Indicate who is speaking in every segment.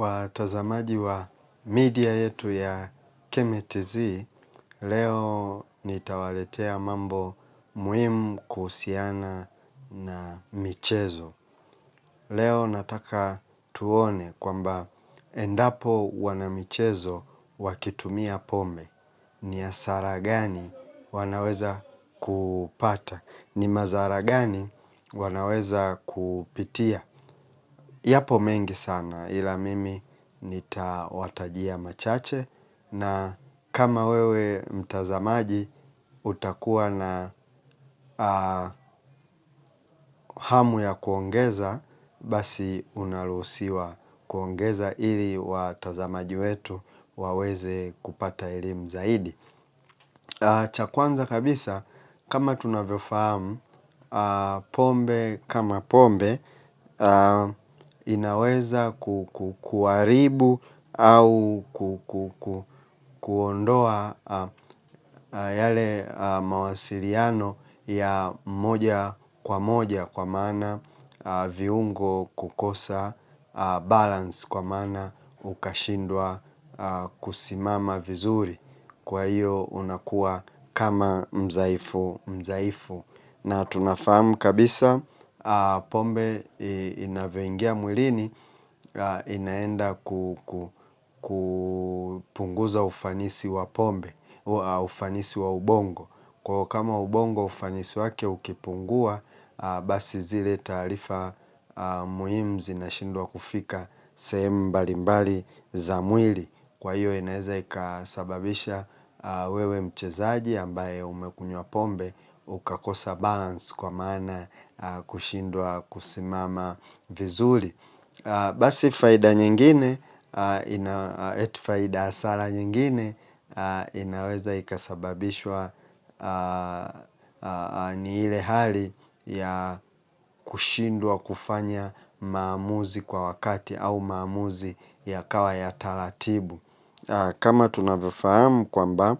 Speaker 1: Watazamaji wa media yetu ya Keme leo nitawaletea mambo muhimu kuhusiana na michezo. Leo nataka tuone kwamba endapo wanamichezo wakitumia pombe ni hasara gani wanaweza kupata, ni madhara gani wanaweza kupitia Yapo mengi sana ila mimi nitawatajia machache na kama wewe mtazamaji utakuwa na ah, hamu ya kuongeza basi unaruhusiwa kuongeza ili watazamaji wetu waweze kupata elimu zaidi. Ah, cha kwanza kabisa kama tunavyofahamu ah, pombe kama pombe inaweza kuharibu au kuondoa yale mawasiliano ya moja kwa moja kwa maana viungo kukosa balance kwa maana ukashindwa kusimama vizuri. Kwa hiyo unakuwa kama mzaifu mzaifu na tunafahamu kabisa uh, pombe inavyoingia mwilini uh, inaenda kupunguza ku, ufanisi wa pombe uh, ufanisi wa ubongo. Kwa hiyo kama ubongo ufanisi wake ukipungua uh, basi zile taarifa uh, muhimu zinashindwa kufika sehemu mbalimbali za mwili. Kwa hiyo inaweza ikasababisha uh, wewe mchezaji ambaye umekunywa pombe ukakosa balance kwa maana ah, kushindwa kusimama vizuri. Ah, basi faida nyingine, ah, et faida hasara nyingine inaweza ikasababishwa ni ile hali ya kushindwa kufanya maamuzi kwa wakati au maamuzi yakawa ya taratibu. Kama tunavyofahamu kwamba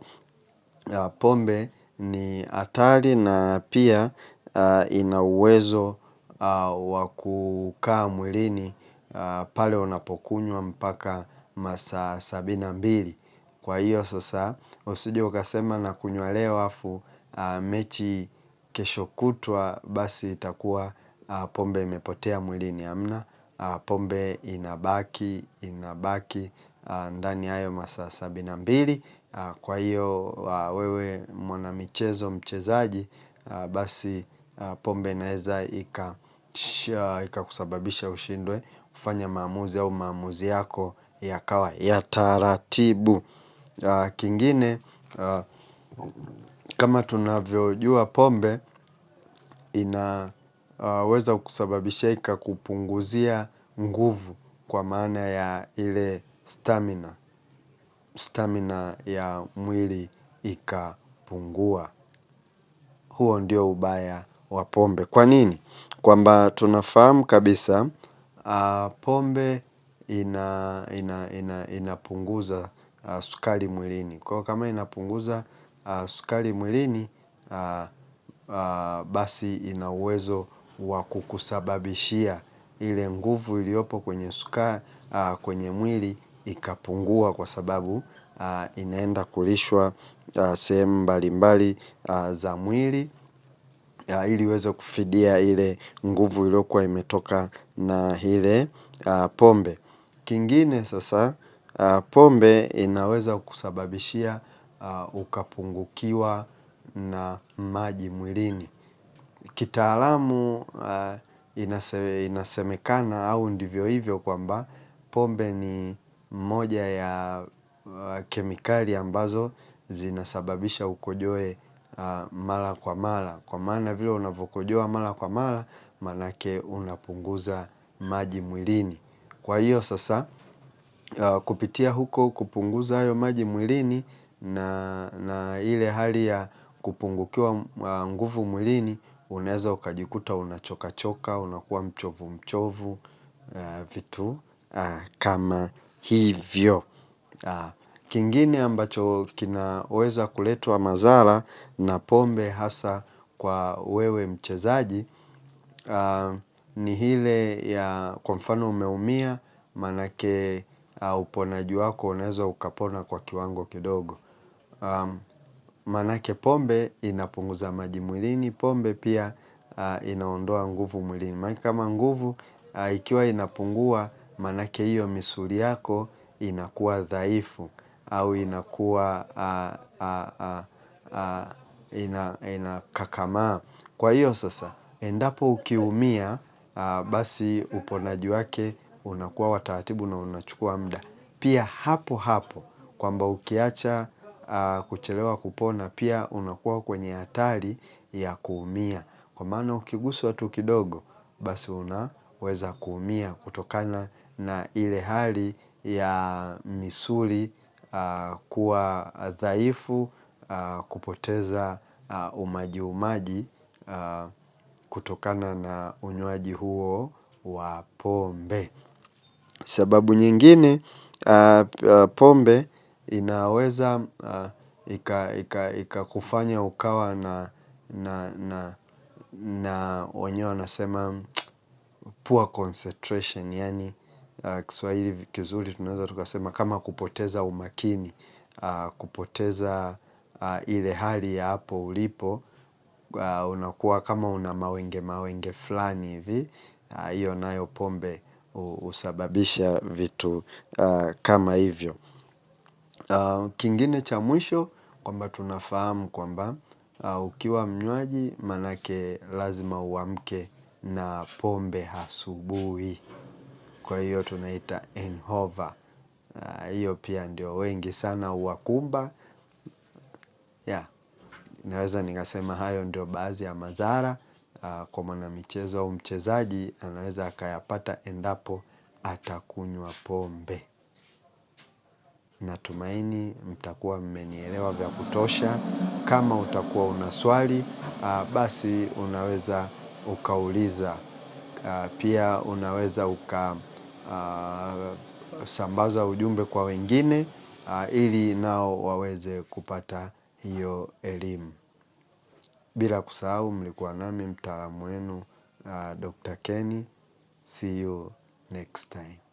Speaker 1: pombe ni hatari na pia ah, ina uwezo ah, wa kukaa mwilini ah, pale unapokunywa mpaka masaa sabini na mbili. Kwa hiyo sasa usije ukasema nakunywa leo alafu mechi kesho kutwa basi itakuwa pombe imepotea mwilini hamna pombe inabaki inabaki. Ah, ndani ya hayo masaa sabini na mbili. Ah, kwa hiyo ah, wewe mwanamichezo mchezaji basi pombe inaweza ikakusababisha ushindwe kufanya maamuzi au maamuzi yako yakawa ya taratibu. Kingine kama tunavyojua pombe inaweza kusababisha ikakupunguzia nguvu kwa maana ya ile stamina, stamina ya mwili ikapungua. Huo ndio ubaya wa pombe. Kwa nini? Kwamba tunafahamu kabisa uh, pombe ina, ina, ina, inapunguza uh, sukari mwilini. Kwa hiyo kama inapunguza uh, sukari mwilini uh, uh, basi ina uwezo wa kukusababishia ile nguvu iliyopo kwenye sukari uh, kwenye mwili ikapungua kwa sababu ah, inaenda kulishwa ah, sehemu mbalimbali ah, za mwili ili iweze kufidia ile nguvu iliyokuwa imetoka na ile pombe. Kingine sasa pombe inaweza kusababishia ukapungukiwa na maji mwilini. Kitaalamu inasemekana au ndivyo hivyo kwamba pombe ni moja ya uh, kemikali ambazo zinasababisha ukojoe uh, mara kwa mara. Kwa maana vile unavokojoa mara kwa mara, manake unapunguza maji mwilini. Kwa hiyo sasa uh, kupitia huko kupunguza hayo maji mwilini na ile hali ya kupungukiwa nguvu mwilini unaweza ukajikuta unachoka choka, unakuwa mchovu mchovu vitu kama hivyo. Ah, kingine ambacho kinaweza kuletwa madhara na pombe hasa kwa wewe mchezaji ah, ni ile ya kwa mfano umeumia manake ah, uponaji wako unaweza ukapona kwa kiwango kidogo. Manake pombe inapunguza maji mwilini, pombe pia inaondoa nguvu mwilini. Maana kama nguvu ikiwa inapungua manake hiyo misuli yako inakuwa dhaifu au inakuwa inakakamaa. Kwa hiyo sasa, endapo ukiumia basi uponaji wake unakuwa wa taratibu na unachukua muda. Pia hapo hapo kwamba ukiacha kuchelewa kupona pia unakuwa kwenye hatari ya kuumia. Kwa maana ukiguswa tu kidogo basi unaweza kuumia kutokana na ile hali ya misuli uh, kuwa dhaifu uh, kupoteza uh, umaji umaji kutokana na unywaji huo wa pombe. Sababu nyingine pombe inaweza ikakufanya ukawa na wenyewe wanasema poor concentration yaani Uh, Kiswahili kizuri tunaweza tukasema kama kupoteza umakini, uh, kupoteza uh, ile hali ya hapo ulipo, unakuwa kama una mawenge mawenge fulani hivi, hiyo nayo pombe husababisha vitu kama hivyo. Kingine cha mwisho kwamba tunafahamu kwamba ukiwa mnywaji manake lazima uamke na pombe asubuhi kwa hiyo tunaita enhova ah, Hiyo pia ndio wengi sana uwakumba Yeah, naweza nikasema hayo ndio baadhi ya madhara ah, kwa mwanamichezo au mchezaji anaweza akayapata endapo atakunywa pombe. Natumaini mtakuwa mmenielewa vya kutosha. Kama utakuwa una swali, ah, basi unaweza ukauliza. Pia unaweza uka Uh, sambaza ujumbe kwa wengine uh, ili nao waweze kupata hiyo elimu. Bila kusahau mlikuwa nami mtaalamu wenu uh, Dr. Kenny. See you next time.